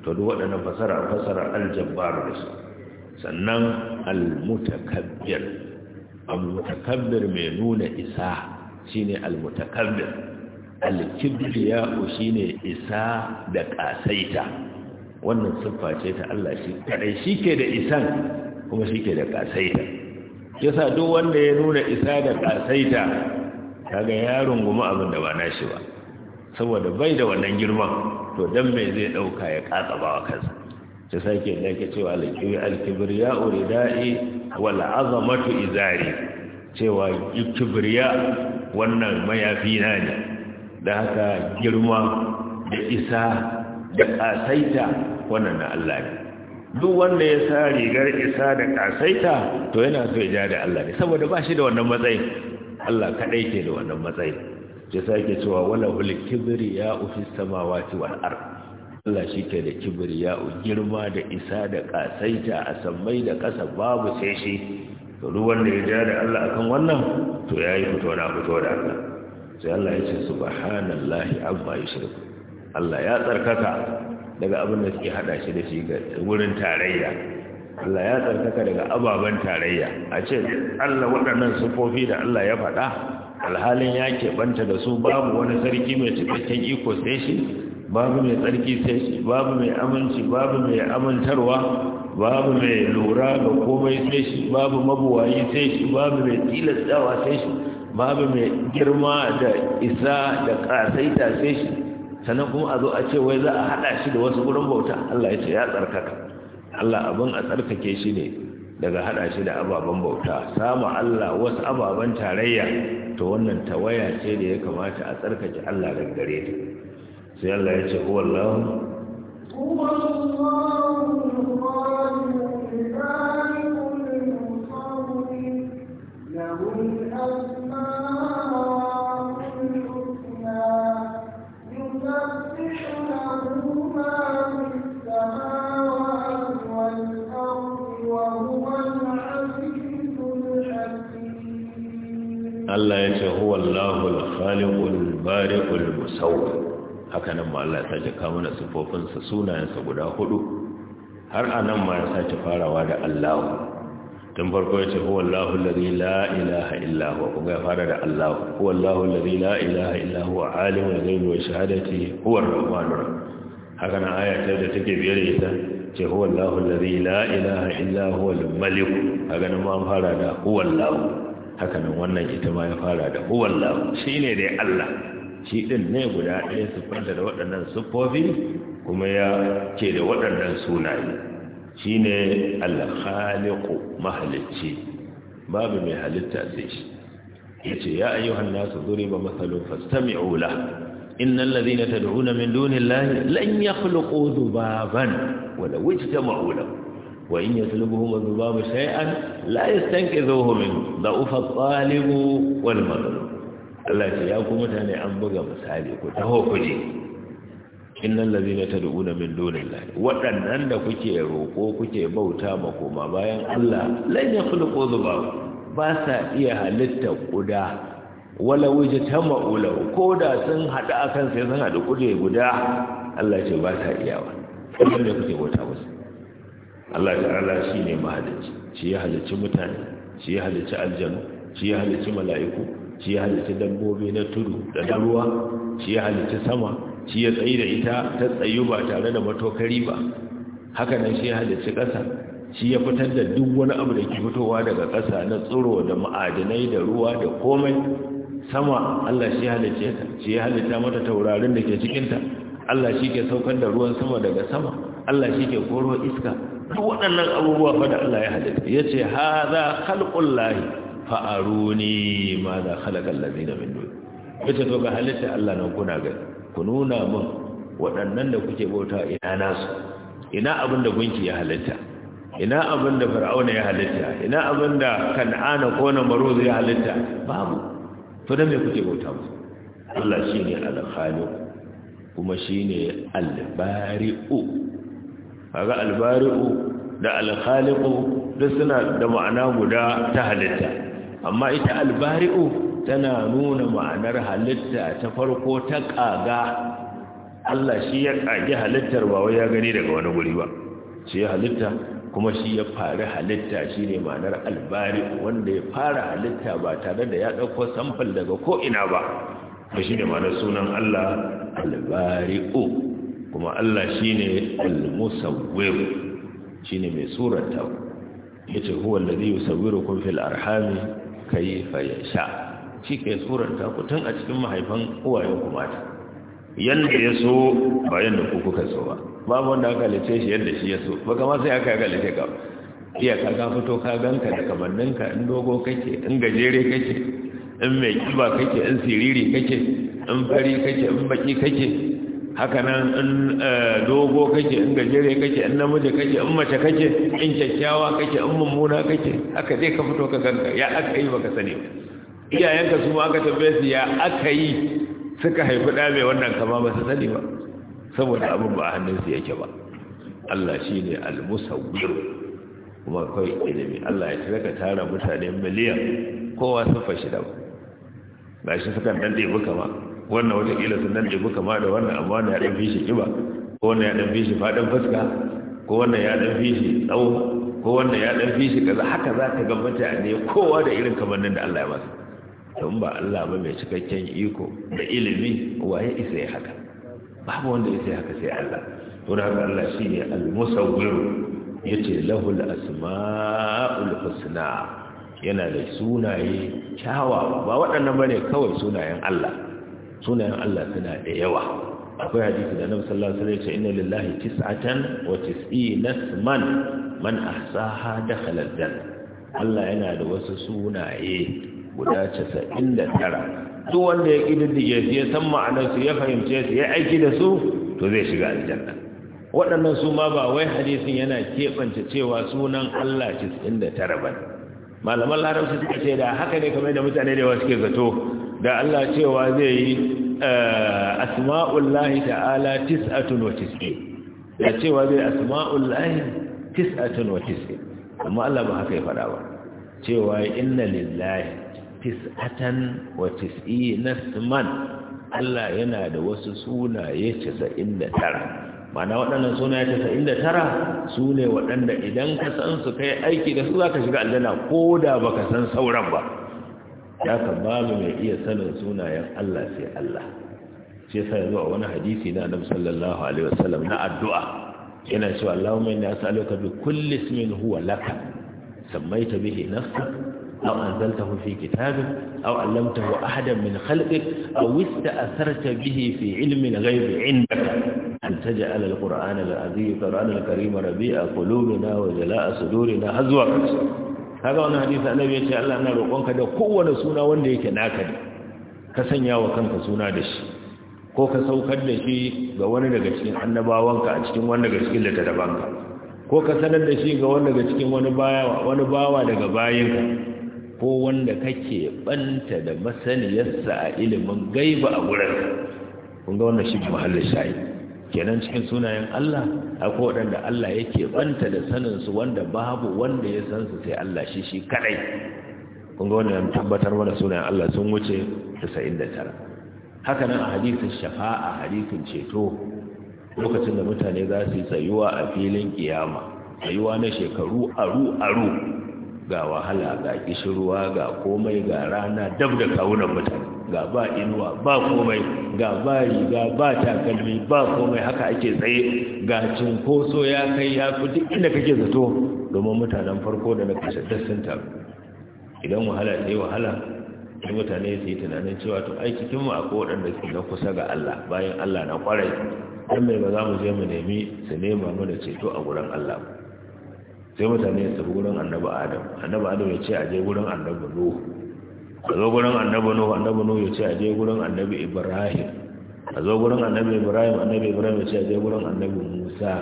to duk waɗannan fasara fasara aljabbar da su sannan almutakabbir almutakabbir mai nuna isa shine almutakabbir alkibriya shine isa da kasaita wannan siffa ce ta Allah shi kadai shike da isan kuma shike da kasaita yasa duk wanda ya nuna isa da kasaita kaga ya runguma abin da ba nashi ba saboda bai da wannan girman to dan me zai dauka ya katsa ba kansa ta sake da ke cewa al-kibriya uridai wal azamatu izari cewa kibriya wannan mayafi na ne da haka girma da isa da kasaita wannan na Allah ne duk wanda ya sa rigar isa da kasaita to yana so ya ja da Allah ne saboda ba shi da wannan matsayin Allah kaɗai ke da wannan matsayi ya sake cewa wala kibiri ya ufi samawati wal ar Allah shi ke da ya u girma da isa da kasaita a sammai da ƙasa babu sai shi to wanda ya ja da Allah akan wannan to yayi fito na fito da Allah sai Allah ya ce subhanallahi amma yushrik Allah ya tsarkaka daga abin da suke hada shi da shi ga wurin tarayya Allah ya tsarkaka daga ababen tarayya a ce Allah waɗannan sufofi da Allah ya faɗa alhalin ya keɓanta da su babu wani sarki mai cikakken iko sai shi babu mai tsarki sai shi babu mai aminci babu mai amintarwa babu mai lura ga komai sai shi babu mabuwayi sai shi babu mai tilastawa sai shi babu mai girma da isa da ƙasaita sai shi sannan kuma a zo a ce wai za a haɗa shi da wasu gurin bauta Allah ya ce ya tsarkaka Allah abin a tsarkake shi ne daga hada shi da ababen bauta samu Allah wasu ababen tarayya to wannan tawaya ce da ya kamata a tsarkake Allah daga gare ta sai Allah ya ce huwallahu huwallahu al-bari'ul musawwir haka nan ma Allah ya sake kawo mana sifofin sa sunayen sa guda hudu har anan ma ya sake farawa da Allah tun farko ya ce huwallahu alladhi la ilaha illa huwa kuma ya fara da Allah huwallahu alladhi la ilaha illa huwa alimul ghaibi wa shahadati huwa ar-rahmanur haka nan aya ta da take biyar ita ce huwallahu alladhi la ilaha illa huwa al-malik haka nan ma fara da huwallahu Hakanan, wannan ita ma ya fara da huwallahu shine dai Allah shi ɗin ne guda ɗaya siffanta da waɗannan siffofi kuma ya ce da waɗannan sunaye shi ne alhaliku mahalicci babu mai halitta sai shi ya ce ya ayyuhan nasu zuri ba matsalon fastami ola innan lalzina ta da'una min dunin lahi lan ya kulko zubaban wadda wuce ta ma'ula wa in ya tulubu zubabu shay'an la yastanqidhuhu min da'ufa at-talibu wal maghlub Allah ce ya ku mutane an buga misali ku taho ku je innal ladina tad'una min dunillahi waɗannan da kuke roko kuke bauta ma koma bayan Allah ya khulqu dhubab ba sa iya halitta kuda wala wujtama ulaw ko da sun hada akan sai sun hada kude guda Allah ce ba sa iyawa kullum da kuke bauta musu Allah ta'ala shine mahalicci shi ya halicci mutane shi ya halicci aljanu shi ya halicci mala'iku shi ya halitta dabbobi na tudu da ruwa shi ya halitta sama shi ya tsayi da ita ta tsayu ba tare da matokari ba haka nan shi ya halitta ƙasa shi ya fitar da duk wani abu da ke fitowa daga ƙasa na tsoro da ma'adinai da ruwa da komai sama Allah shi ya halitta ta shi ya halitta mata taurarin da ke cikinta Allah shi ke saukar da ruwan sama daga sama Allah shi ke koro iska duk waɗannan abubuwa fa da Allah ya halitta ya ce ha za lahi fa'aruni ma za halakar lazina min dole wace to ga halitta Allah nan kuna gani ku nuna mun waɗannan da kuke bauta ina nasu ina abin da gunki ya halitta ina abin da fir'auna ya halitta ina abin da kan'ana ko na maruz ya halitta babu to da me kuke bauta mu Allah shine al-khaliq kuma shine al-bari'u kaga al-bari'u da al khaliq duk suna da ma'ana guda ta halitta amma ita albari'u tana nuna ma'anar halitta ta farko ta ƙaga Allah shi ya kage halittar ba wai ya gani daga wani guri ba shi halitta kuma shi ya fara halitta shi ne ma'anar albari'u wanda ya fara halitta ba tare da ya dauko samfal daga ko'ina ba ba shi ne ma'anar sunan Allah albari'u kuma Allah shi ne musawwir shi ne mai surata. ya huwa alladhi yusawwirukum fil arhami kaifa sha shi ke suranta ku tun a cikin mahaifan uwayen ku mata yanda ya so ba yanda ku kuka so ba babu wanda aka lice shi yanda shi ya so ba kama sai aka lice ka iya ka ka fito ka ganka da kamanninka in dogo kake in gajere kake in mai kiba kake in siriri kake in fari kake in baki kake haka nan in eh, dogo kake in gajere kake in namiji kake in mace kake in kyakkyawa kake in mummuna kake haka dai ka fito ka ganka ya aka yi baka sani iyayenka su ma aka tambaye su ya aka yi suka haifi da mai wannan kama ba su sani ba saboda abin ba a su yake ba Allah shi ne almusawwiru kuma akwai ilimi Allah ya tsaka tara mutane miliyan kowa sun fashi da ba shi suka dan ɗebi kama wannan sun sannan ɗabi kama da wannan amma wannan ya ɗan fi shi ƙiba ko wannan ya ɗan fi shi faɗin fuska ko wannan ya ɗan fi shi tsawo ko wannan ya ɗan fi shi kaza haka za ka ga mutane kowa da irin kamannin da Allah ya masa don ba Allah ba mai cikakken iko da ilimi waye isa ya haka babu wanda isa ya haka sai Allah don haka Allah shi ne al-musawwir yace lahul asma'ul husna yana da sunaye kyawawa ba waɗannan bane kawai sunayen Allah sunayen Allah suna da yawa akwai hadisi da Annabi sallallahu alaihi wasallam ya inna lillahi tis'atan wa tis'ina man man ahsaha dakhala aljanna Allah yana da wasu sunaye guda 99 duk wanda ya kididdige su ya san ma'anar su ya fahimce su ya aiki da su to zai shiga aljanna waɗannan su ma ba wai hadisin yana keɓance cewa sunan Allah 99 ba malaman larabci suka ce da haka ne kamar da mutane da yawa suke zato da Allah cewa zai yi eh, lahi ta'ala tis'atun wa tis'in da cewa zai asma'ullahi tis'atun wa tis'in amma Allah ba haka ya fada ba cewa inna lillahi tis'atan wa tis'ina isman Allah yana da wasu sunaye 99 ma'ana waɗannan sunaye 99 sune waɗanda idan ka san su kai aiki da su za ka shiga aljanna ko da baka san sauran ba ya ka babu mai iya sanin sunayen Allah sai Allah shi yasa ya zuwa wani hadisi na annabi sallallahu alaihi wasallam na addu'a yana cewa Allahumma inni as'aluka bi kulli ismin huwa laka sammaita bihi nafsak aw anzaltahu fi kitabik aw 'allamtahu ahadan min khalqik aw ista'tharta bihi fi 'ilmin ghaibi 'indaka an taj'ala al-qur'ana al-'azim qur'ana al-karima rabi'a qulubina wa jala'a sudurina hazwa kaga wannan hadisi annabi ya ce Allah yana roƙonka da kowane suna wanda yake naka ne ka sanya wa kanka suna da shi ko ka saukar da shi ga wani daga cikin annabawanka a cikin wani daga cikin littattafanka ko ka sanar da shi ga wani daga cikin wani bawa wani bawa daga bayinka ko wanda kake banta da masaniyarsa a ilimin gaiba a gurin kun ga wannan shi mahallin shayi kenan cikin sunayen Allah akwai waɗanda Allah yake banta da sanin su wanda babu wanda ya san su sai Allah shi shi kadai kun ga wannan tabbatar mana sunayen Allah sun wuce 99 haka nan a hadisin shafa'a hadisin ceto lokacin da mutane za su yi tsayuwa a filin kiyama tsayuwa na shekaru aru aru ga wahala ga kishirwa ga komai ga rana dab da kawunan mutane ga ba inuwa ba komai ga ba riga ba takalmi ba komai haka ake tsaye ga cinkoso ya kai ya fi duk inda kake zato domin mutanen farko da na kashe dassin taru idan wahala ta yi wahala sai mutane su yi tunanin cewa to ai cikin mu akwai waɗanda su na kusa ga Allah bayan Allah na kwarai dan mai ba za mu je mu nemi su nema mu da ceto a gurin Allah ba sai mutane su tafi gurin annabi adam annabi adam ya ce a je gurin annabi nuhu a zo gurin annabi nuhu annabi nuhu ya ce a je gurin annabi ibrahim a zo gurin annabi ibrahim annabi ibrahim ya ce a je gurin annabi musa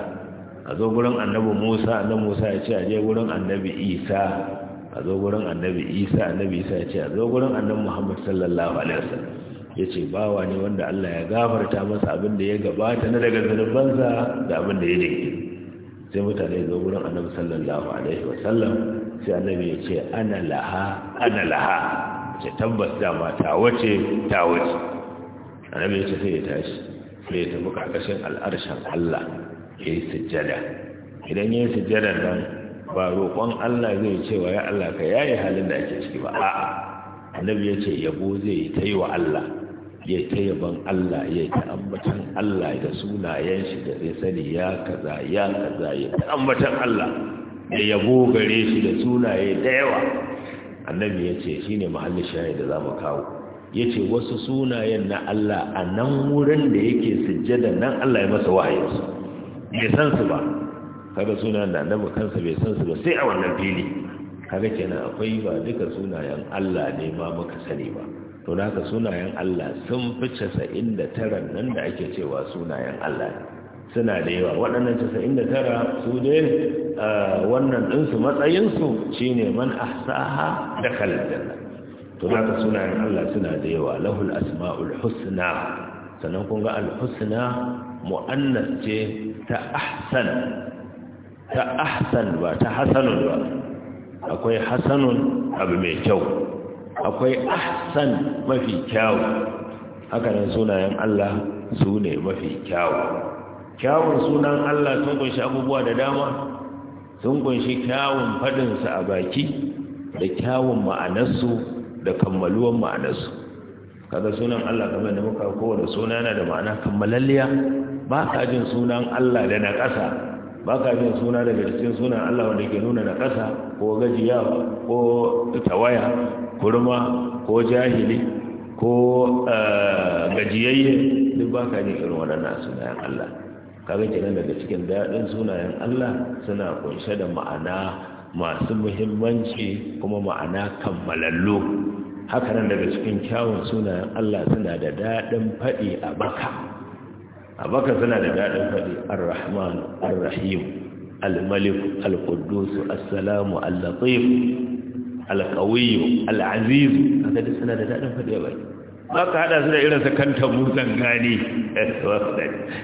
a zo gurin annabi musa annabi musa ya ce a je gurin annabi isa a zo gurin annabi isa annabi isa ya ce a zo gurin annabi muhammad sallallahu alaihi wasallam ya ce bawa ne wanda allah ya gafarta masa abin da ya gabata na daga zunubansa da abin da ya dinke sai mutane zo wurin annabi sallallahu alaihi wasallam sai annabi ya ce ana laha ana laha ce tabbas dama ta wace ta wace annabi ya ce sai ya tashi sai ya tafi kakashin al'arshen Allah ya yi sujjada idan ya yi sujjada nan ba roƙon Allah zai ce wa ya Allah ka yayi halin da ake ciki ba a'a annabi ya ce yabo zai yi ta yi wa Allah ya ta yaban Allah ya ta ambatan Allah da sunayen shi da zai sani ya kaza ya kaza ya ta ambatan Allah da yabo gare shi da sunaye da yawa annabi ya ce shi ne mahallin shayi da za mu kawo ya ce wasu sunayen na Allah a nan wurin da yake sujjada nan Allah ya masa wahayinsu bai san su ba kaga sunayen da annabi kansa bai san su ba sai a wannan fili kaga kenan akwai ba duka sunayen Allah ne ma muka sani ba to haka sunayen Allah sun fi casa'in da tara nan da ake cewa sunayen Allah suna da yawa waɗannan casa'in da tara su ne wannan ɗinsu matsayinsu shi ne man ahsaha da kallon to da haka sunayen Allah suna da yawa lahul asma'ul husna sannan kun ga al-husna mu'annas ce ta ahsan ta ahsan ba ta hasanun ba akwai hasanun abu mai kyau akwai ahsan mafi kyawu haka nan sunayen Allah su ne mafi kyawu kyawun sunan Allah sun kunshi abubuwa da dama sun kunshi kyawun faɗinsu a baki da kyawun ma'anarsu da kammaluwan ma'anarsu kaga sunan Allah kamar da muka kowane suna yana da ma'ana kammalalliya ba ka jin sunan Allah da na ƙasa ba ka jin suna daga cikin sunan Allah wanda ke nuna na ƙasa ko gajiya ko tawaya kurma ko jahili ko eh, gajiyayye duk ba ka ji irin waɗannan sunayen Allah kaga kenan daga cikin daɗin sunayen Allah suna kunshe da ma'ana masu muhimmanci kuma ma'ana kammalallo haka nan daga cikin kyawun sunayen Allah suna da daɗin faɗi a baka a baka suna da daɗin faɗi ar-rahman ar-rahim al-malik al-quddus as al-latif alƙawiyu al'azizu a duk suna da daɗin faɗi a baki ba ka haɗa su da irin su kanta musan gani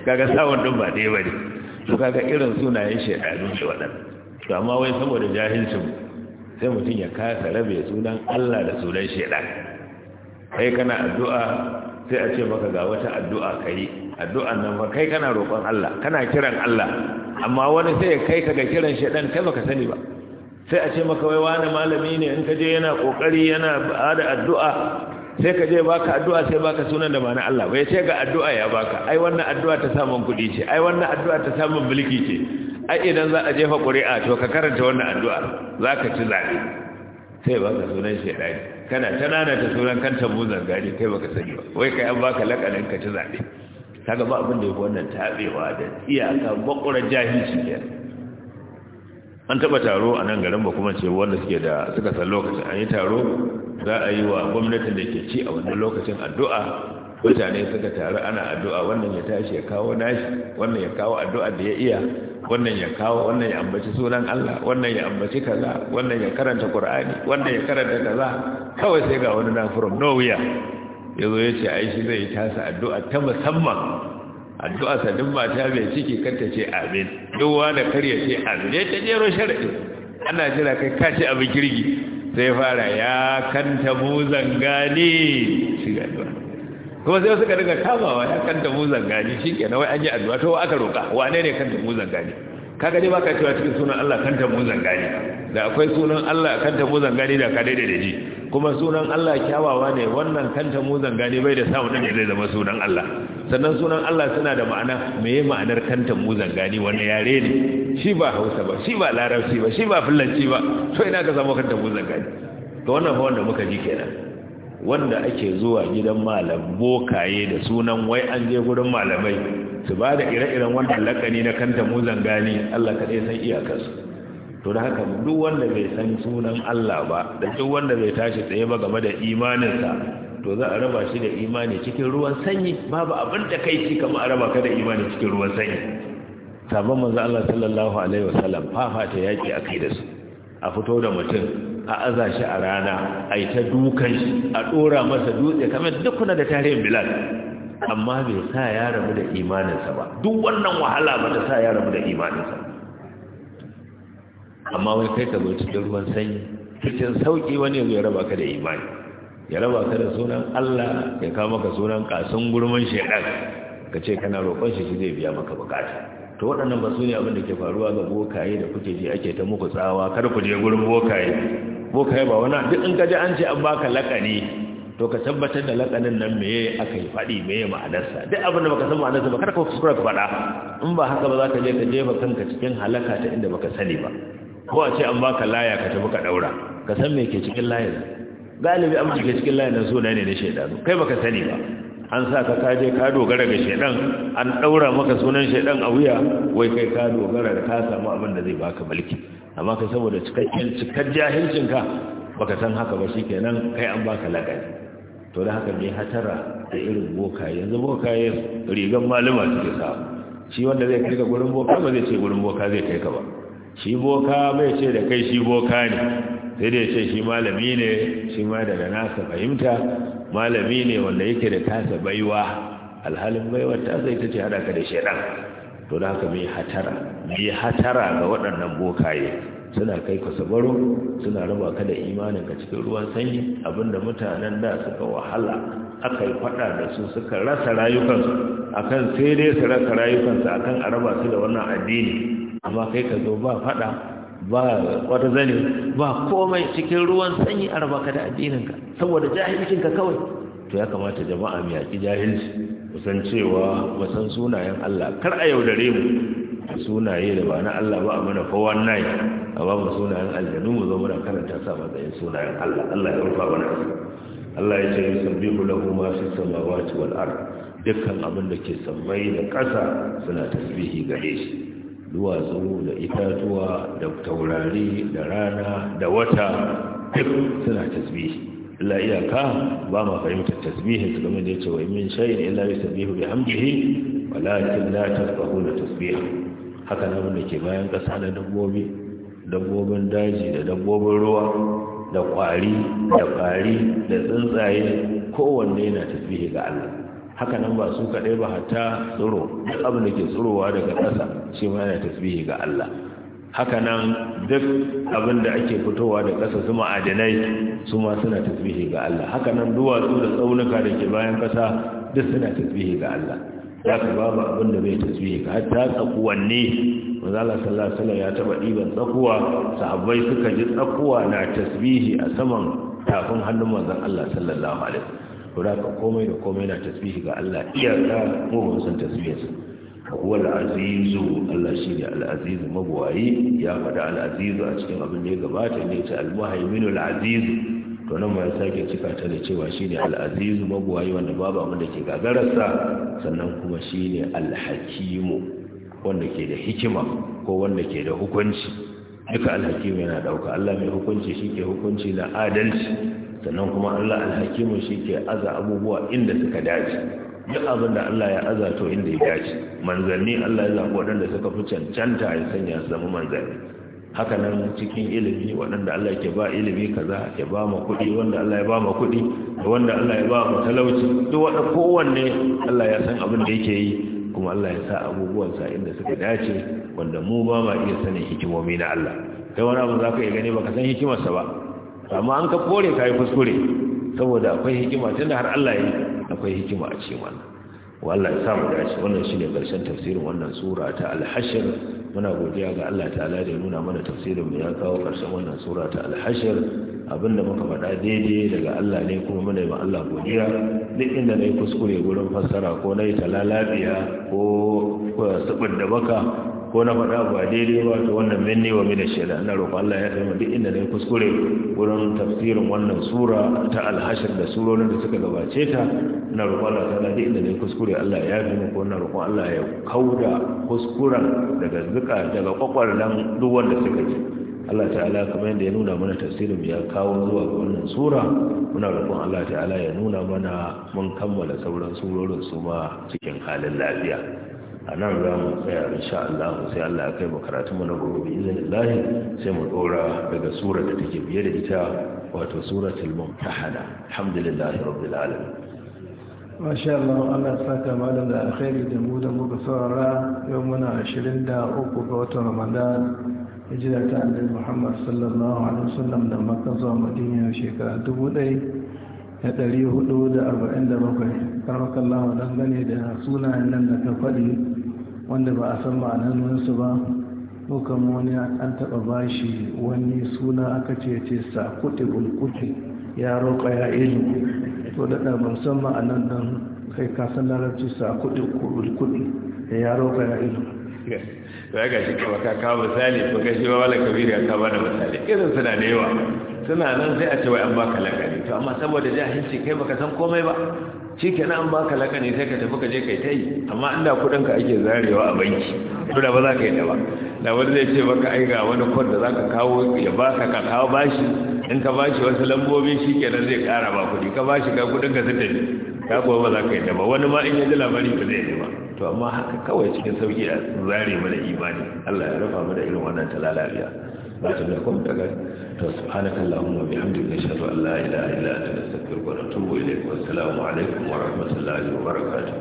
kaga sawon ɗin ba ɗaya ba ne su kaga irin sunayen shaidanu shi waɗanda to amma wai saboda jahilcin sai mutum ya kasa rabe sunan Allah da sunan shaidan kai kana addu'a sai a ce maka ga wata addu'a ka yi. addu'an nan ba kai kana roƙon Allah kana kiran Allah amma wani sai ya kai ka ga kiran shaidan kai baka sani ba sai a ce maka wai wani malami ne in ka je yana kokari yana bada addu'a sai ka je baka addu'a sai baka sunan da ba na Allah bai ce ga addu'a ya baka ai wannan addu'a ta samun kuɗi ce ai wannan addu'a ta samun mulki ce ai idan za a jefa ƙuri'a to ka karanta wannan addu'a za ka ci zaɓe sai baka sunan shaidani kana tanana ta sunan kan tambuzan gari kai baka sani ba wai kai an baka lakalin ka ci zaɓe kaga ba abin da ya wannan tabewa da iyaka makurar jahilci ne an taba taro a nan garin ba kuma ce wanda suke da suka san lokacin an yi taro za a yi wa gwamnatin da ke ci a wannan lokacin addu'a mutane suka taru ana addu'a wannan ya tashi ya kawo nashi wannan ya kawo addu'a da ya iya wannan ya kawo wannan ya ambaci sunan Allah wannan ya ambaci kaza wannan ya karanta Qur'ani wannan ya karanta kaza kawai sai ga wani na from nowhere yazo yace ai shi zai tasa addu'a ta musamman addu'a sa duk mata mai ciki kanta ce amin duk wanda kariya ce amin ya ta jero sharadi ana jira kai ka ce abin kirgi sai fara ya kanta mu shi ga addu'a kuma sai suka daga kamawa ya kanta mu zangani shi ke na wai an yi addu'a to aka roƙa wane ne kanta mu zangani kaga dai baka cewa cikin sunan Allah kan tabo zangari da akwai sunan Allah kan tabo zangari da ka daidai da ji kuma sunan Allah kyawawa ne wannan kan tabo zangari bai da samu dan zai zama sunan Allah sannan sunan Allah suna da ma'ana meye ma'anar kan tabo zangari wani yare ne shi ba Hausa ba shi ba Larabci ba shi ba Fulanci ba to ina ka samu kan tabo zangari to wannan fa wanda muka ji kenan wanda ake zuwa gidan malam bokaye da sunan wai an je gurin malamai su ba da ire-iren wannan lakani na kanta mu zangani Allah kaɗai san iyakarsu to da haka duk wanda bai san sunan Allah ba da duk wanda bai tashi tsaye ba game da imaninsa to za a raba shi da imani cikin ruwan sanyi babu abin da kai ci kamar a raba ka da imani cikin ruwan sanyi sabon manzo Allah sallallahu alaihi wasallam fafata yaki akai da su a fito da mutum a aza shi a rana a yi ta dukan shi a ɗora masa dutse kamar dukuna da tarihin bilal amma bai sa ya rabu da imaninsa ba duk wannan wahala ba ta sa ya rabu da imaninsa amma wai kai ka zo cikin ruwan sanyi cikin sauki wani ya raba ka da imani ya raba ka da sunan Allah ya kawo maka sunan kasan gurman shaidan ka ce kana roƙon shi zai biya maka bukata to waɗannan ba su ne abin da ke faruwa ga bokaye da kuke ji ake ta muku tsawa kada ku je gurin bokaye bokaye ba wani duk in ka ji an ce an baka lakani to ka tabbatar da lakanin nan meye aka yi faɗi meye ma'anarsa duk abin da baka san ma'anarsa ba kada ka kuskura ka faɗa in ba haka ba za ka je ka jefa kanka cikin halaka ta inda baka sani ba ko a ce an baka laya ka tafi ka daura ka san me ke cikin layin galibi an ke cikin layin suna ne na shaidanu kai baka sani ba an sa ka kaje ka dogara ga shaidan an ɗaura maka sunan shaidan a wuya wai kai ka dogara da ka samu abin da zai baka mulki amma kai saboda cikakken cikar jahilcinka baka san haka ba shi shikenan kai an baka lakabi to da haka ne hatara da irin boka. yanzu boka ya rigan malama suke sa shi wanda zai kai ka gurin boka ba zai ce gurin boka zai kai ka ba shi boka bai ce da kai shi boka ne sai dai ce shi malami ne shi ma daga nasa fahimta malami ne wanda yake da tasa baiwa alhalin baiwar ta zai ta ce hada ka da shaidan to da haka mai hatara mai hatara ga waɗannan bokaye suna kai ka sabaro suna raba ka da imanin ka cikin ruwan sanyi abinda mutanen da suka wahala aka yi fada da su suka rasa rayukansu akan sai dai su rasa rayukansu akan a raba su da wannan addini amma kai ka zo ba fada ba wata zane ba komai cikin ruwan sanyi a raba ka da ka saboda ka kawai to ya kamata jama'a mu yaki jahilci musan cewa mu san sunayen Allah kar a yaudare mu da sunaye da ba na Allah ba a mana fawon a ba mu sunayen aljanu mu zo muna karanta sa matsayin sunayen Allah Allah ya rufa mana Allah ya ce yusabbihu lahu ma fi samawati wal ard dukkan abin da ke sammai da ƙasa suna tasbihi gare shi duwatsu da itatuwa da taurari da rana da wata duk suna tasbihi la iyaka ba ma fahimtar tasbihin su game da ya ce wa min shay'in illa yusabbihu bihamdihi walakin la tafqahuna haka nan da ke bayan ƙasa da dabbobi dabbobin daji da dabbobin ruwa da ƙwari da ƙwari da tsuntsaye kowanne yana tasbihi ga Allah haka nan ba su kaɗai ba hatta tsoro duk abin da ke tsirowa daga ƙasa shi ma yana tasbihi ga Allah haka nan duk abin da ake fitowa da ƙasa su ma'adanai su ma suna tasbihi ga Allah haka nan duwatsu da tsaunuka da ke bayan ƙasa duk suna tasbihi ga Allah Ya ka babu abin da bai tasbihi ka hatta tsakuwanne manzo Allah sallallahu alaihi wasallam ya taba diban tsakuwa sahabbai suka ji tsakuwa na tasbihi a saman tafin hannun manzon Allah sallallahu alaihi wasallam to da komai da komai na tasbihi ga Allah iyaka mu mun san tasbihinsa huwa al-azizu Allah ne al-aziz mabwayi ya fada al-azizu a cikin abin da ya gabata ne ta al-muhaimin azizu to nan ma ya sake cika ta da cewa shine al-aziz magwayi wanda babu amma da ke gagararsa sannan kuma shine al-hakimu wanda ke da hikima ko wanda ke da hukunci duka al-hakimu yana dauka Allah mai hukunci shike hukunci na adalci sannan kuma Allah al-hakimu shike aza abubuwa inda suka dace duk abin da Allah ya aza to inda ya dace manzanni Allah ya zaɓi waɗanda suka fi cancanta ya sanya su zama manzanni Hakanan cikin ilimi waɗanda Allah ke ba ilimi kaza ya ba mu kuɗi wanda Allah ya ba mu kuɗi da wanda Allah ya ba mu talauci duk wanda kowanne Allah ya san abin da yake yi kuma Allah ya sa abubuwan sa inda suka dace wanda mu ba ma iya sanin hikimomi na Allah kai wani abu zaka iya gani baka san hikimarsa ba amma an ka kore kai kuskure saboda akwai hikima tunda har Allah ya yi akwai hikima a cikin wannan Allah ya samu dace wannan shine karshen tafsirin wannan sura ta al-hashr muna godiya ga Allah ta'ala da ya nuna mana tafsirin mu ya kawo karshen wannan sura ta al-hashr abinda muka faɗa daidai daga Allah ne kuma muna yi Allah godiya duk inda na yi kuskure wurin fassara ko nayi talalabiya ko subin da baka ko na faɗa ba daidai ba to wannan menne wa min shaytan na roƙo Allah ya tsaya duk inda yi kuskure wurin tafsirin wannan sura ta al-hashr da surorin da suka gabace ta na roƙo Allah ta duk inda kuskure Allah ya yafe mu ko na roƙo Allah ya kauda kuskuren daga zuka daga kwakwarlan duk wanda suka ji Allah ta'ala kamar yadda ya nuna mana tafsirin ya kawo zuwa ga wannan sura muna roƙon Allah ta'ala ya nuna mana mun kammala sauran surorin su ma cikin halin lafiya a nan za mu tsaya insha Allah sai Allah ya kai mu karatu mu na gobe izinin sai mu dora daga sura da take biye da ita wato suratul mumtahana alhamdulillahi rabbil alamin masha Allah Allah ya saka malam da alkhairi da mu da muka saurara yau muna 23 ga watan Ramadan hijira ta annabi Muhammad sallallahu alaihi wasallam da Makka zuwa Madina shekara 1447 karamakallahu dangane da da da arba'in lawa sunayen nan da ka faɗi wanda ba a san nunsu ba mukan wani an taɓa bashi wani suna aka ce ce sa kuɗi bulkuɗi ya roƙa ya ilu to daɗa ban san ma'anar nan kai ka san larabci sa kuɗi bulkuɗi ya roƙa ya ilu to ya gashi kama ka kawo misali ko gashi ba wala kabiru ya kawo da misali irin suna da yawa suna nan sai a ce wai an baka lagari to amma saboda jahilci kai baka san komai ba shi kenan an baka lakani sai ka tafi ka je kai ta yi amma inda kudinka ake zarewa a banki to da ba za ka yi da ba da wani zai ce baka ai ga wani kwan da za ka kawo ya baka ka kawo bashi in ka bashi wasu lambobi shi nan zai kara ba kudi ka bashi ka kudinka su tafi ka kuwa ba za ka yi da ba wani ma in ya ji labari ba zai yi ba to amma haka kawai cikin sauki a zare mana imani Allah ya rufa mana irin wannan ta ba ta da kuma daga to subhanaka allahumma bihamdika ashhadu an la ilaha illa anta astaghfiruka wa atubu ilayk wa assalamu alaikum wa rahmatullahi wa barakatuh